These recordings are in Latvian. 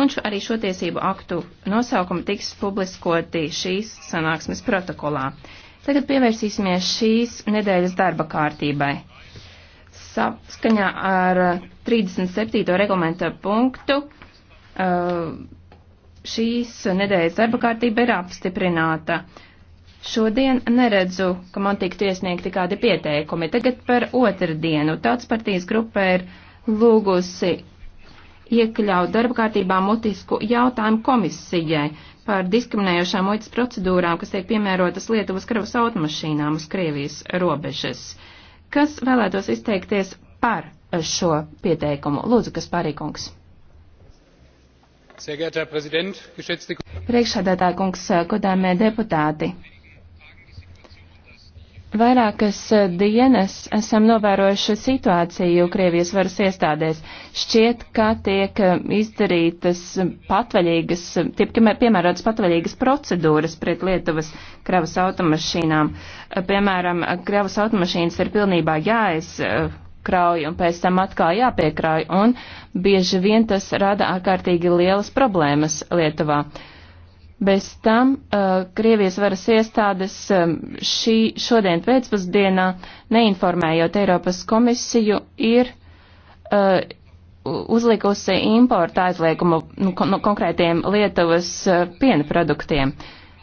un šo, arī šo tiesību aktu nosaukumu tiks publiskoti šīs sanāksmes protokolā. Tagad pievērsīsimies šīs nedēļas darba kārtībai. Saskaņā ar 37. reglamenta punktu šīs nedēļas darba kārtība ir apstiprināta. Šodien neredzu, ka man tiktu iesniegti kādi pieteikumi. Tagad par otrdienu. Tautas partijas grupa ir lūgusi iekļaut darba kārtībā mutisku jautājumu komisijai par diskriminējošām muitas procedūrām, kas tiek piemērotas Lietuvas kravas automašīnām uz Krievijas robežas. Kas vēlētos izteikties par šo pieteikumu? Lūdzu, kas pārīkungs. Priekšsēdētāja kungs, godāmie deputāti. Vairākas eh, dienas esam novērojuši situāciju Krievijas varas iestādēs. Šķiet, ka tiek eh, izdarītas patvaļīgas, tiek piemērotas patvaļīgas procedūras pret Lietuvas kravas automašīnām. Eh, piemēram, kravas automašīnas ir pilnībā jāizkrauj un pēc tam atkal jāpiekrauj, un bieži vien tas rada ārkārtīgi lielas problēmas Lietuvā. Uh, Bez tam uh, Krievijas varas iestādes um, šī šodien pēcpusdienā neinformējot Eiropas komisiju ir uh, uzlikusi importa aizliegumu nu, kon konkrētiem Lietuvas uh, piena produktiem.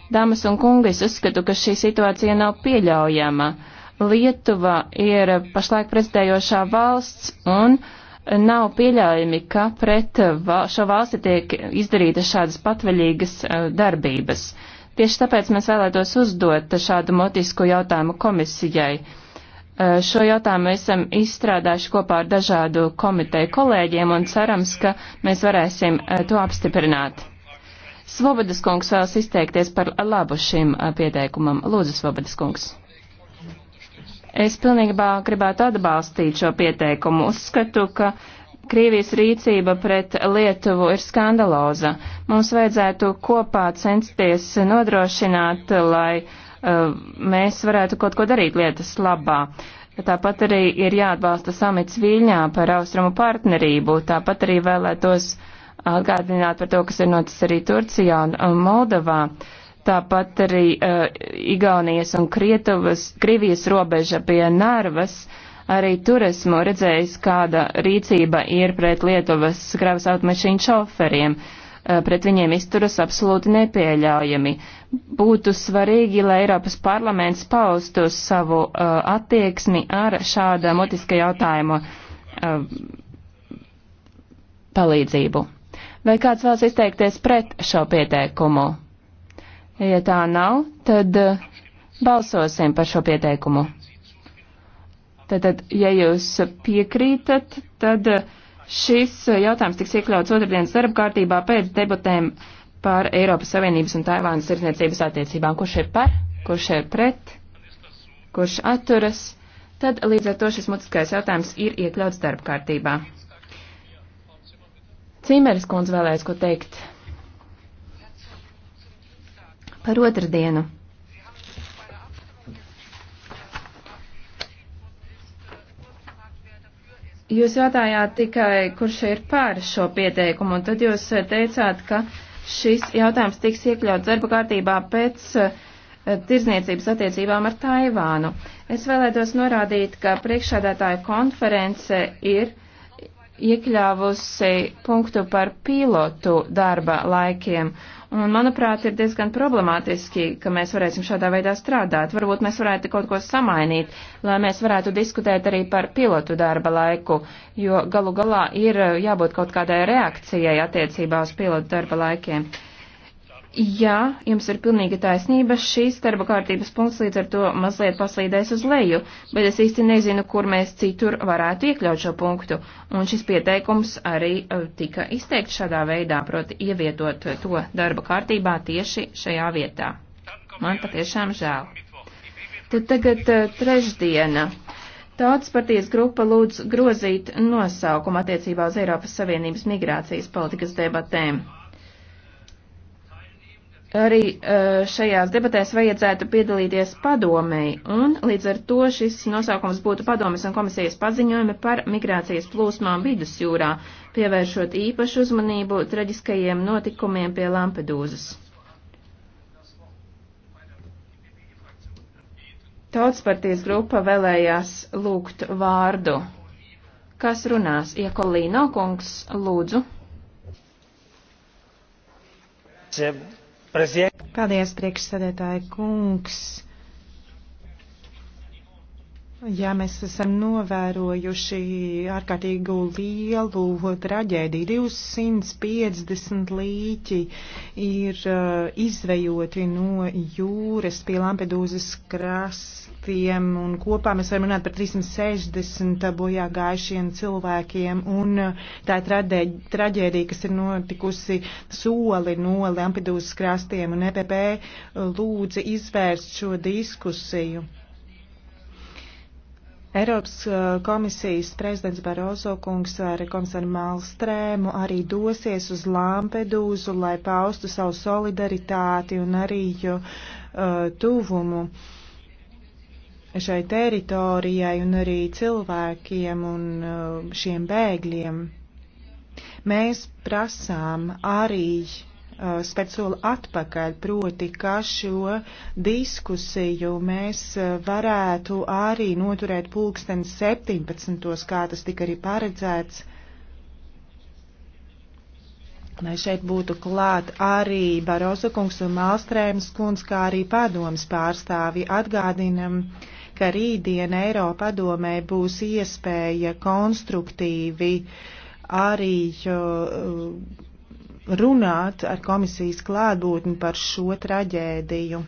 Dāmas un kungi, es uzskatu, ka šī situācija nav pieļaujama. Lietuva ir pašlaik prezidējošā valsts un uh, Nav pieļaujami, ka pret šo valsti tiek izdarīta šādas patvaļīgas eh, darbības. Tieši tāpēc mēs vēlētos uzdot šādu motisku jautājumu komisijai. Eh, šo jautājumu esam izstrādājuši kopā ar dažādu komiteju kolēģiem un cerams, ka mēs varēsim eh, to apstiprināt. Svobodas kungs vēlas izteikties par labu šim pieteikumam. Lūdzu, Svobodas kungs. Es pilnībā gribētu atbalstīt šo pieteikumu. Uzskatu, ka Krievijas rīcība pret Lietuvu ir skandaloza. Mums vajadzētu kopā censties nodrošināt, lai uh, mēs varētu kaut ko darīt lietas labā. Tāpat arī ir jāatbalsta samits Viļņā par austrumu partnerību. Tāpat arī vēlētos atgādināt par to, kas ir noticis arī Turcijā un Moldovā. Uh, Tāpat arī uh, Igaunijas un Krietuvas, Krievijas robeža pie Narvas. Arī tur esmu redzējis, kāda rīcība ir pret Lietuvas kravas automašīnu šoferiem. Uh, pret viņiem izturas absolūti nepieļaujami. Būtu svarīgi, lai Eiropas parlaments paustu savu uh, attieksmi ar šāda mutiska jautājuma uh, palīdzību. Vai kāds vēlas izteikties pret šo pieteikumu? Ja tā nav, tad eh, balsosim par šo pieteikumu. Tātad, ja jūs piekrītat, tad eh, šis jautājums tiks iekļauts otrdienas darba kārtībā pēc debatēm par Eiropas Savienības un Taivānas tirdzniecības attiecībām. Kurš ir par, kurš ir pret, kurš atturas, tad līdz ar to šis mutiskais jautājums ir iekļauts darba kārtībā. Cīmeris kundze vēlēs ko teikt. Par otrdienu. Jūs jautājāt tikai, kurš ir pār šo pieteikumu, un tad jūs eh, teicāt, ka šis jautājums tiks iekļauts darba kārtībā pēc uh, tirzniecības attiecībām ar Taivānu. Es vēlētos norādīt, ka priekšādātāju konference ir iekļāvusi punktu par pilotu darba laikiem. Un, manuprāt, ir diezgan problemātiski, ka mēs varēsim šādā veidā strādāt. Varbūt mēs varētu kaut ko samainīt, lai mēs varētu diskutēt arī par pilotu darba laiku, jo galu galā ir eh, jābūt kaut kādai reakcijai attiecībā uz pilotu darba laikiem. Uh, Jā, jums ir pilnīga taisnība, šīs darba kārtības punkts līdz ar to mazliet paslīdēs uz leju, bet es īsti nezinu, kur mēs citur varētu iekļaut šo punktu, un šis pieteikums arī e, tika izteikts šādā veidā, proti ievietot to darba kārtībā tieši šajā vietā. Man patiešām žēl. Tad tagad e, trešdiena. Tautas partijas grupa lūdz grozīt nosaukumu attiecībā uz Eiropas Savienības migrācijas politikas debatēm arī e, šajās debatēs vajadzētu piedalīties padomēji, un līdz ar to šis nosaukums būtu padomes un komisijas paziņojumi par migrācijas plūsmām vidusjūrā, pievēršot īpašu uzmanību traģiskajiem notikumiem pie Lampedūzas. Tautspartijas grupa vēlējās lūgt vārdu. Kas runās? Iekolīno kungs, lūdzu. Siem. Paldies, priekšsēdētāji kungs. Jā, mēs esam novērojuši ārkārtīgu lielu traģēdiju. 250 līķi ir uh, izvejoti no jūras pie Lampedūzas krasta aktiem, un kopā mēs varam runāt par 360 bojā gājušiem cilvēkiem, un uh, tā ir traģēdija, kas ir notikusi soli no Lampedūzas krastiem, un EPP uh, lūdza izvērst šo diskusiju. Eiropas uh, komisijas prezidents Barozo kungs ar komisāru Malstrēmu arī dosies uz Lampedūzu, lai paustu savu solidaritāti un arī uh, tuvumu. Uh, šai teritorijai un arī cilvēkiem un uh, šiem bēgļiem. Mēs prasām arī uh, spēc soli atpakaļ, proti, ka šo diskusiju mēs uh, varētu arī noturēt pulksten 17. kā tas tika arī paredzēts lai šeit būtu klāt arī Barosa kungs un Malstrēmas kungs, kā arī padomas pārstāvi. Atgādinam ka rītdien Eiropa padomē būs iespēja konstruktīvi arī uh, runāt ar komisijas klātbūtni par šo traģēdiju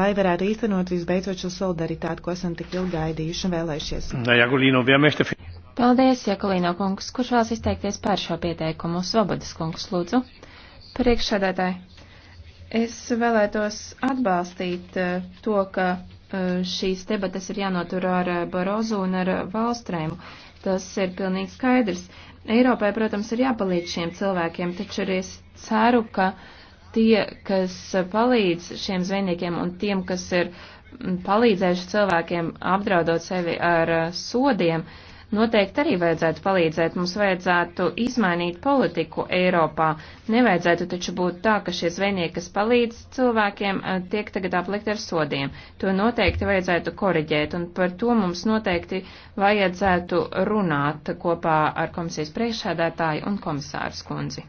lai varētu īstenot visbeidzot šo solidaritāti, ko esam tik ilgi gaidījuši un vēlējušies. Paldies, Jakolīno kungs. Kurš vēlas izteikties par šo pieteikumu? Svobodas kungs, lūdzu. Priekšsēdētāji. Es vēlētos atbalstīt eh, to, ka eh, šīs debatas ir jānotur ar eh, Barozu un ar Valstrēmu. Tas ir pilnīgi skaidrs. Eiropai, protams, ir jāpalīdz šiem cilvēkiem, taču arī es ceru, ka tie, kas palīdz šiem zvejniekiem un tiem, kas ir mm, palīdzējuši cilvēkiem apdraudot sevi ar sodiem, uh, noteikti arī vajadzētu palīdzēt. Mums vajadzētu izmainīt politiku Eiropā. Nevajadzētu taču būt tā, ka šie zvejnieki, kas palīdz cilvēkiem, eh, tiek tagad aplikt ar sodiem. To noteikti vajadzētu koriģēt, un par to mums noteikti vajadzētu runāt kopā ar komisijas priekšsēdētāju un komisāru skundzi.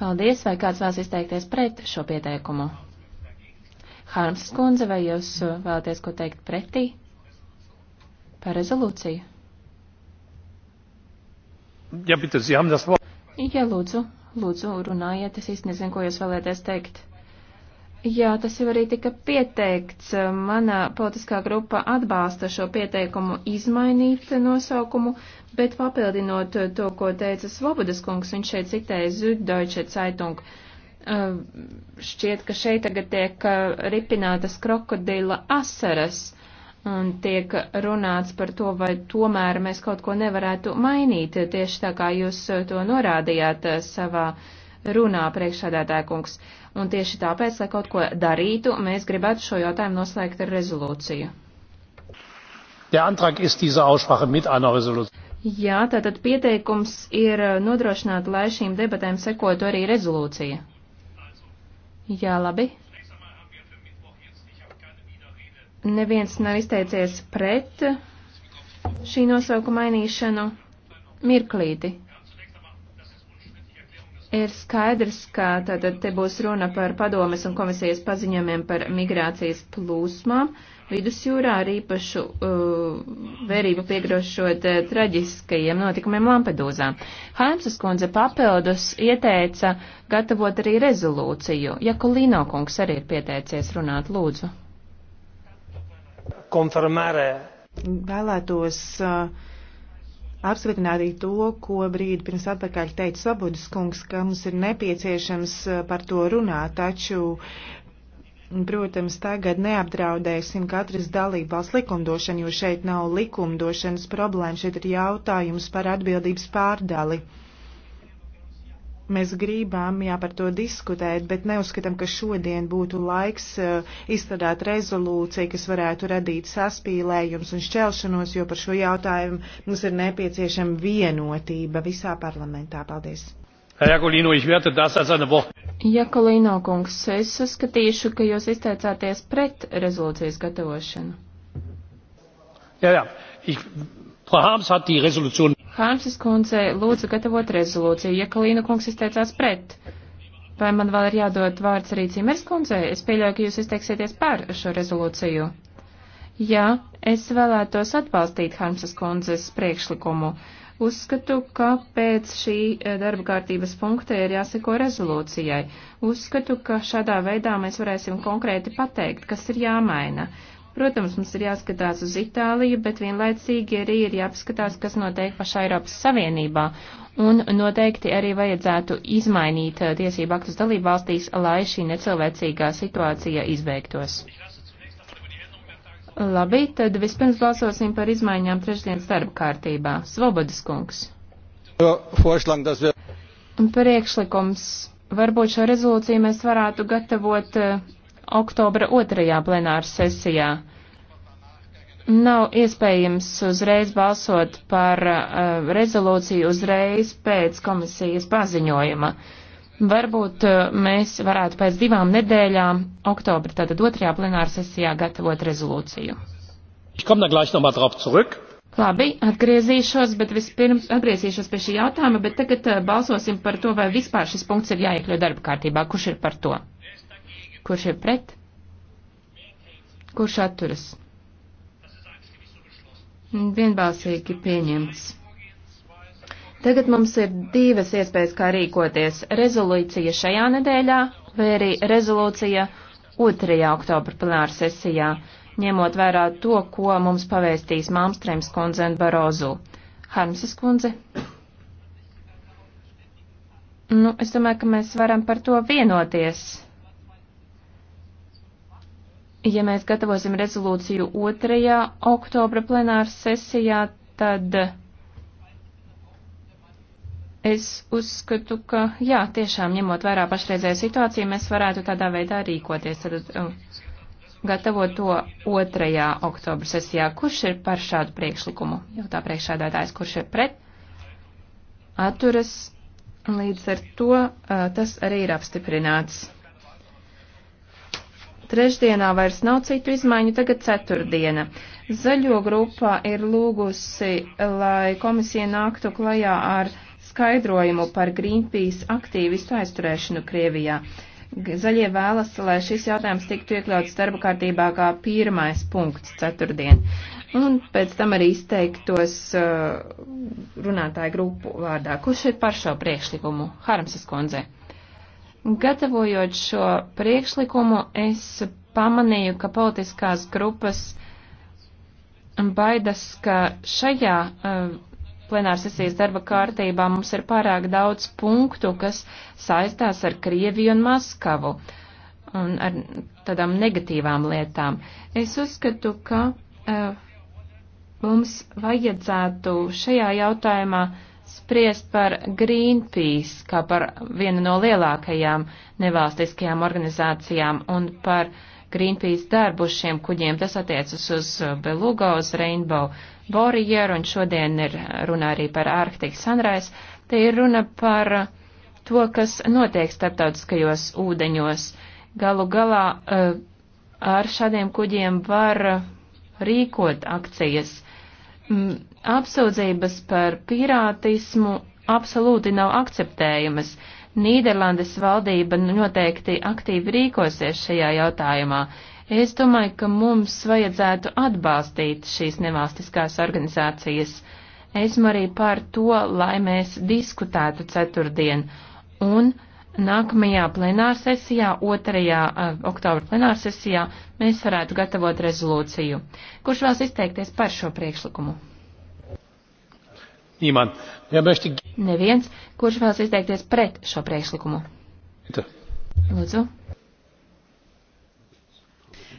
Paldies, vai kāds vēlas izteikties pret šo pieteikumu? Hārms skundze, vai jūs uh, vēlaties ko teikt pretī par rezolūciju? Ja, bitte, Sie haben das Wort. Jā, lūdzu, lūdzu, runājiet, es īsti nezinu, ko jūs vēlēties teikt. Jā, tas jau arī tika pieteikts. Mana politiskā grupa atbalsta šo pieteikumu izmainīt nosaukumu, bet papildinot to, ko teica Svobodas kungs, viņš šeit citēja Zuddeutsche Zeitung. Uh, Eh, šķiet, ka šeit tagad tiek eh, ripinātas krokodila asaras un tiek runāts par to, vai tomēr mēs kaut ko nevarētu mainīt, tieši tā kā jūs eh, to norādījāt savā runā priekšādātāja kungs. Un tieši tāpēc, lai kaut ko darītu, mēs gribētu šo jautājumu noslēgt ar rezolūciju. Der Antrag ist diese Aussprache mit einer Resolution. Jā, tātad pieteikums ir nodrošināt, lai šīm debatēm sekotu arī rezolūcija. Jā, labi. Neviens nav izteicies pret šī nosaukuma mainīšanu. Mirklīti. Ir skaidrs, ka tātad te būs runa par padomes un komisijas paziņojumiem par migrācijas plūsmām vidusjūrā ar īpašu uh, vērību piegrošot uh, traģiskajiem notikumiem Lampedūzā. Haimsas kundze papildus ieteica gatavot arī rezolūciju. Ja Kolino kungs arī ir pieteicies runāt, lūdzu. Konfirmērē. Vēlētos uh, apstiprināt arī to, ko brīdi pirms atpakaļ teica Sabudas kungs, ka mums ir nepieciešams uh, par to runāt, taču Protams, tagad neapdraudēsim katras dalībvalsts likumdošanu, jo šeit nav likumdošanas problēma, šeit ir jautājums par atbildības pārdali. Mēs gribām, jā, par to diskutēt, bet neuzskatām, ka šodien būtu laiks uh, izstrādāt rezolūciju, kas varētu radīt saspīlējums un šķelšanos, jo par šo jautājumu mums ir nepieciešama vienotība visā parlamentā. Paldies! Herr Jakolino, ich werte das als eine Woche. Jakolīno kungs, es uzskatīšu, ka jūs izteicāties pret rezolūcijas gatavošanu. Jā, jā. Ich, Frau Harms hat die Resolution. Harmsas kundze lūdza gatavot rezolūciju, ja Kalīna kungs izteicās pret. Vai man vēl ir jādod vārds arī Cimers kundzei? Es pieļauju, ka jūs izteiksieties par šo rezolūciju. Jā, es vēlētos atbalstīt Harmsas kundzes priekšlikumu. Uh, Uzskatu, ka pēc šī eh, darba kārtības punkta ir jāseko rezolūcijai. Uzskatu, ka šādā veidā mēs varēsim konkrēti pateikt, kas ir jāmaina. Protams, mums ir jāskatās uz Itāliju, bet vienlaicīgi arī ir jāpaskatās, kas notiek pašā Eiropas Savienībā. Un noteikti arī vajadzētu izmainīt eh, tiesību aktus dalību valstīs, lai šī necilvēcīgā situācija izbeigtos. Labi, tad vispirms balsosim par izmaiņām trešdienas darba kārtībā. Svobodas kungs. Priekšlikums. Varbūt šo rezolūciju mēs varētu gatavot eh, oktobra otrajā plenāra sesijā. Nav iespējams uzreiz balsot par uh, rezolūciju uzreiz pēc komisijas paziņojuma. Uh, Varbūt eh, mēs varētu pēc divām nedēļām, oktobra, tātad otrajā plenāra sesijā, gatavot rezolūciju. Labi, atgriezīšos, bet vispirms atgriezīšos pie šī jautājuma, bet tagad eh, balsosim par to, vai vispār šis punkts ir jāiekļaut darba kārtībā. Kurš ir par to? Kurš ir pret? Kurš atturas? Vienbalsīgi pieņemts. Tagad mums ir divas iespējas, kā rīkoties - rezolūcija šajā nedēļā vai arī rezolūcija 2. oktobra plenāra sesijā, ņemot vērā to, ko mums pavēstīs Malmstrēms kundze un Barozu. Harmsas kundze? Nu, es domāju, ka mēs varam par to vienoties. Ja mēs gatavosim rezolūciju 2. oktobra plenāras sesijā, tad Es uzskatu, ka jā, tiešām ņemot vērā pašreizēju situāciju, mēs varētu tādā veidā rīkoties. Tad uh, gatavot to 2. oktobra sesijā. Kurš ir par šādu priekšlikumu? Jautā priekšādātājs, kurš ir pret? Atturas. Līdz ar to uh, tas arī ir apstiprināts. Trešdienā vairs nav citu izmaiņu, tagad ceturtdiena. Zaļo grupā ir lūgusi, lai komisija nāktu klajā ar skaidrojumu par Greenpeace aktīvistu aizturēšanu Krievijā. Zaļie vēlas, lai šis jautājums tiktu iekļauts darba kārtībā kā pirmais punkts ceturtdien. Un pēc tam arī izteiktos uh, runātāju grupu vārdā. Kurš ir par šo priekšlikumu? Harmsas kundze. Gatavojot šo priekšlikumu, es pamanīju, ka politiskās grupas baidas, ka šajā uh, plenāras sesijas darba kārtībā mums ir pārāk daudz punktu, kas saistās ar Krieviju un Maskavu un ar tādām negatīvām lietām. Es uzskatu, ka uh, mums vajadzētu šajā jautājumā spriest par Greenpeace, kā par vienu no lielākajām nevalstiskajām organizācijām un par uh, Greenpeace darbu uz šiem kuģiem. Tas attiecas uz uh, Beluga, uz Rainbow Warrior, un šodien ir uh, runa arī par Arctic Sunrise. Te ir runa par uh, to, kas notiek starptautiskajos ūdeņos. Galu galā ar šādiem kuģiem var rīkot akcijas. Mm, apsūdzības par pirātismu absolūti nav akceptējamas. Nīderlandes valdība noteikti aktīvi rīkosies šajā jautājumā. Es domāju, ka mums vajadzētu atbalstīt šīs nevalstiskās organizācijas. Esmu arī par to, lai mēs diskutētu ceturtdien un nākamajā plenārsesijā, 2. oktobra plenārsesijā, mēs varētu gatavot rezolūciju. Kurš vēlas izteikties par šo priekšlikumu? Niemand. Ja, neviens, kurš vēlas izteikties pret šo priekšlikumu. Lūdzu.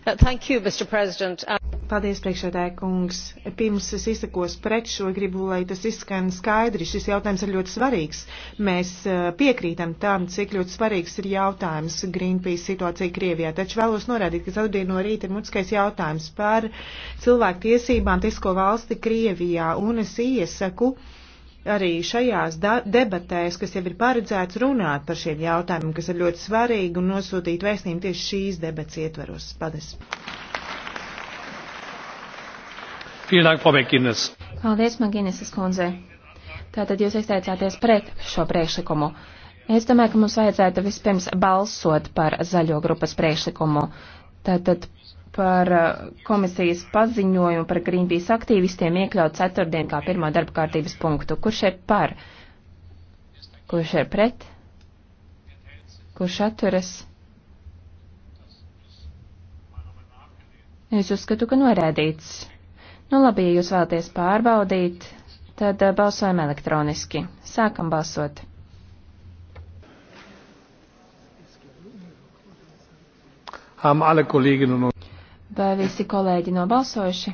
Uh, you, uh, Paldies, priekšsēdētāji kungs. Pirms es izsakos pret šo, gribu, lai tas izskan skaidri. Šis jautājums ir ļoti svarīgs. Mēs uh, piekrītam tam, cik ļoti svarīgs ir jautājums Greenpeace situācija Krievijā. Taču vēlos norādīt, ka ceturtdien no rīta ir mutiskais jautājums par cilvēku tiesībām, tisko valsti Krievijā. Un es iesaku. Uh, arī šajās debatēs, kas jau ir paredzēts runāt par šiem jautājumiem, kas ir ļoti svarīgi un nosūtīt vēstījumu tieši šīs debats ietveros. Paldies! Paldies, Maginesas kundze. Tātad jūs izteicāties pret šo priekšlikumu. Es domāju, ka mums vajadzētu vispirms balsot par zaļo grupas priekšlikumu. Tātad par uh, komisijas paziņojumu par Greenpeace aktīvistiem iekļaut ceturtdien kā pirmo darba kārtības punktu. Kurš ir par? Kurš ir pret? Kurš atturas? Es uzskatu, ka norēdīts. Nu labi, ja jūs vēlaties pārbaudīt, tad uh, balsojam elektroniski. Sākam balsot. haben alle Kolleginnen und Vai visi kolēģi nobalsojuši?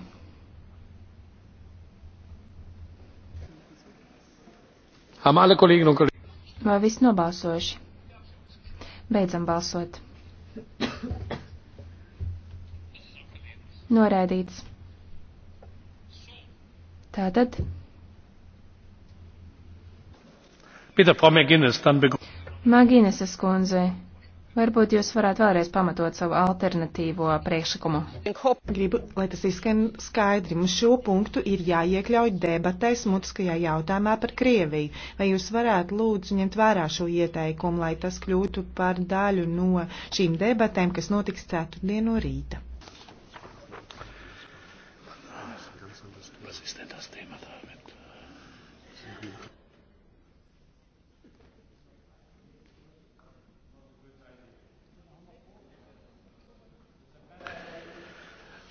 Vai viss nobalsojuši? Beidzam balsot. Noraidīts. Tātad. Bitte, Frau McGuinness, dann begrüßen. Magineses kundze, Varbūt jūs varētu vēlreiz pamatot savu alternatīvo priekšlikumu. Gribu, lai tas izskan skaidri. Mums šo punktu ir jāiekļauj debatēs mutiskajā jautājumā par Krieviju. Vai jūs varētu lūdzu ņemt vērā šo ieteikumu, lai tas kļūtu par daļu no šīm debatēm, kas notiks ceturtdien no rīta?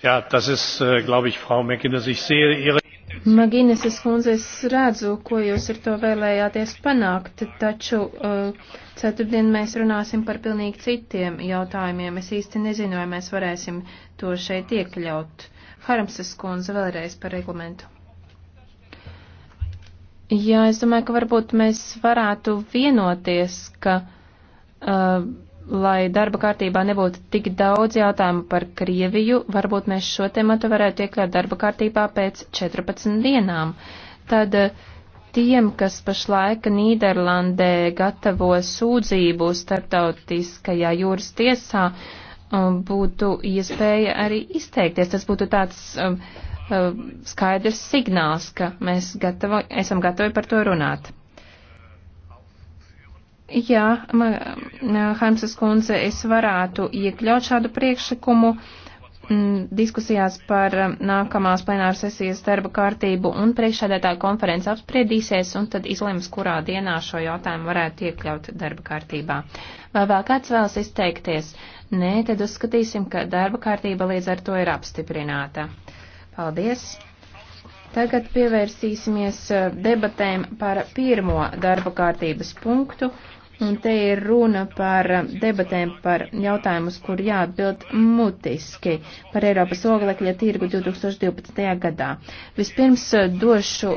Jā, tas ir, äh, glaube ich, Frau McGinnis, ich sehe Ihre. Magineses kundze, es redzu, ko jūs ar to vēlējāties panākt, taču uh, ceturtdien mēs runāsim par pilnīgi citiem jautājumiem. Es īsti nezinu, vai mēs varēsim to šeit iekļaut. Haramses kundze vēlreiz par reglamentu. Jā, es domāju, ka varbūt mēs varētu vienoties, ka uh, lai darba kārtībā nebūtu tik daudz jautājumu par Krieviju, varbūt mēs šo tematu varētu iekļaut darba kārtībā pēc 14 dienām. Tad eh, tiem, kas pašlaika Nīderlandē gatavo sūdzību starptautiskajā jūras tiesā, um, būtu iespēja arī izteikties. Tas būtu tāds um, um, skaidrs signāls, ka mēs gatavo, esam gatavi par to runāt. Jā, Harmsas kundze, es varētu iekļaut šādu priekšlikumu diskusijās par nākamās plenāras sesijas darba kārtību un priekšsēdētāja konferences apspriedīsies un tad izlems, kurā dienā šo jautājumu varētu iekļaut darba kārtībā. Vai vēl kāds vēlas izteikties? Nē, tad uzskatīsim, ka darba kārtība līdz ar to ir apstiprināta. Paldies! Tagad pievērsīsimies e, debatēm par pirmo darba kārtības punktu. Un te ir runa par debatēm par jautājumus, kur jāatbild mutiski par Eiropas oglekļa tirgu 2012. gadā. Vispirms eh, došu.